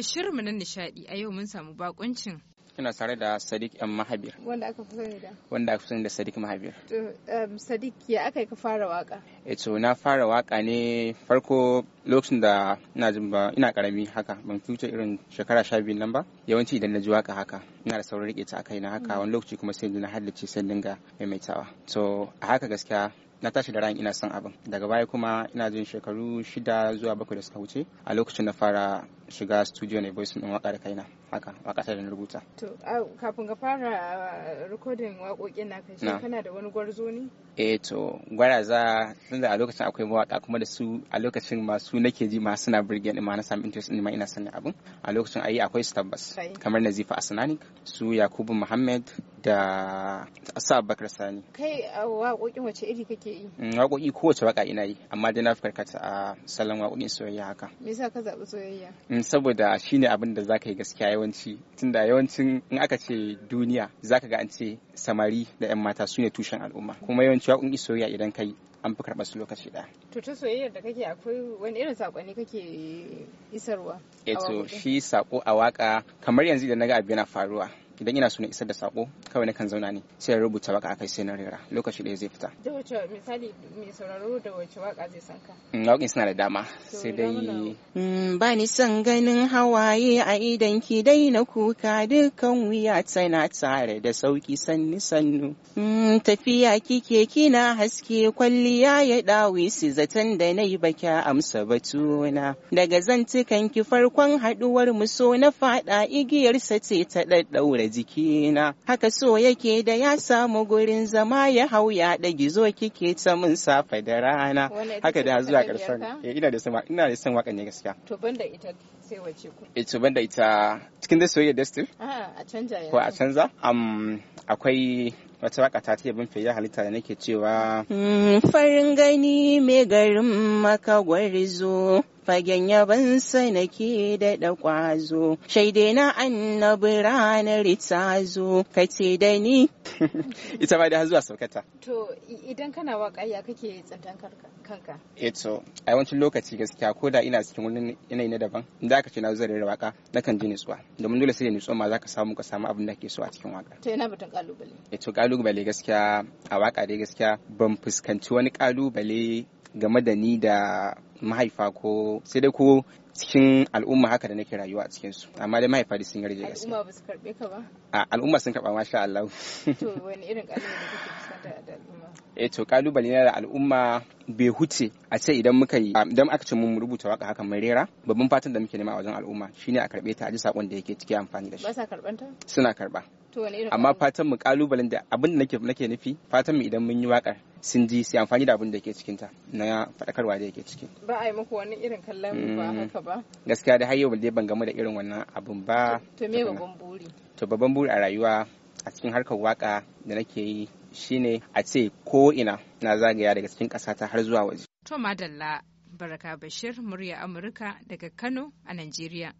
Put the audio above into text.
A shirinmu na nishadi a yau mun samu bakuncin ina tare da Sadiq M Mahabir. Wanda aka fi sani da? Wanda aka fi sani da Sadiq Mahabir. To um, Sadiq ya aka yi ka fara waka? Eh to na fara waka ne farko lokacin da ina jin ba ina karami haka ban fice irin shekara 12 nan ba yawanci idan na ji waka haka ina da saurin rike ta a kaina haka mm. wani lokaci kuma sai na halarci sai dinga maimaitawa so a haka gaskiya na tashi da ran ina son abin daga baya kuma ina jin shekaru shida zuwa bakwai da suka wuce a lokacin na fara shiga studio na voice din waka da kaina haka waka ta da na rubuta to kafin ka fara uh, recording waƙoƙin na kai kana da wani gwarzo ne eh to gwaraza tunda a lokacin akwai mawaka kuma da su a lokacin masu nake ji ma suna burge ni ma na sami interest din ma ina abin a lokacin ayi akwai su tabbas kamar Nazifa Asnanik su yakubu muhammad da sa bakar sani kai uh, waƙoƙin wace iri kake yi mm, waƙoƙi kowace waƙa ina yi amma dai na fi karkata a salon waƙoƙin soyayya haka me yasa ka zaɓi soyayya mm, saboda shine abin da zaka yi gaskiya yawanci tunda yawancin in aka ce duniya zaka ga an ce samari da yan mata su ne tushen al'umma kuma yawanci waƙoƙin soyayya idan kai an fi karɓar su lokaci ɗaya. To ta soyayyar da kake akwai wani irin saƙonni kake isarwa? Eh to shi saƙo a waƙa kamar yanzu idan na ga abu yana faruwa idan ina son isar da sako kawai na kan zauna ne sai na rubuta waka akai sai na rera lokaci da zai fita da wace misali mai sauraro da wace waka zai san ka mm, waƙin suna da dama sai dai mm, ba ni son ganin hawaye a idan ki dai na kuka dukkan wuya tana tare da sauki sannu sannu mm, tafiya kike kina haske kwalliya ya dawi su zaton da na yi baka amsa batuna daga zantukan ki farkon haduwar mu so na fada igiyarsa ce ta daddaure jikina haka so yake da ya samu gurin zama ya hau ya da gizo kike ta mun safa da rana haka da zuwa karshen eh, ina da sama ina da san wakan ne gaskiya to banda ita sai wace ku eh to banda ita cikin da soyayya da still ah, a canja ko a canza Am um, akwai wata waka ta ta bin fiye halitta da nake cewa hmm, farin gani mai garin maka gwarizo fagen sa nake daɗa ƙwazo shaide na annabi ranar tazo ka ce da ni ita ba da zuwa saukata to idan kana waka ya kake tsantan kanka eh to a yawancin lokaci gaskiya ko da ina cikin wani yanayi na daban da aka ce na zuwa da waka kan ji nutsuwa domin dole sai da nutsuwa ma za ka samu ka samu abin da kake so a cikin waka to yana batun kalubale eh to kalubale gaskiya a waka dai gaskiya ban fuskanci wani kalubale game da ni da mahaifa ko sai dai ko cikin al'umma haka da nake rayuwa a cikin su amma dai mahaifa da sun yarje gaskiya al'umma ba su karbe ka ba a al'umma sun karba masha Allah to wani irin da kake fuskanta eh to kalubale na da al'umma bai huce a ce idan muka yi idan aka ce mun rubuta waka haka mai rera babban fatan da muke nema a wajen al'umma shine a karbe ta a ji sakon da yake ciki amfani da shi ba sa karbanta suna karba amma fatan mu kalubalen da abin da nake nake nufi fatan mu idan mun yi wakar sun ji sai amfani da abin da yake cikinta na faɗakarwa da yake ciki ba a yi muku wani irin kallon ba mm. haka ba gaskiya da har balde ban gamu da irin wannan abin ba to me babban buri to babban buri a rayuwa a cikin harkar waka da nake yi shine a ce ko ina na zagaya daga cikin ƙasata har zuwa waje. To Madalla, Baraka Bashir, murya Amurka daga Kano a Najeriya.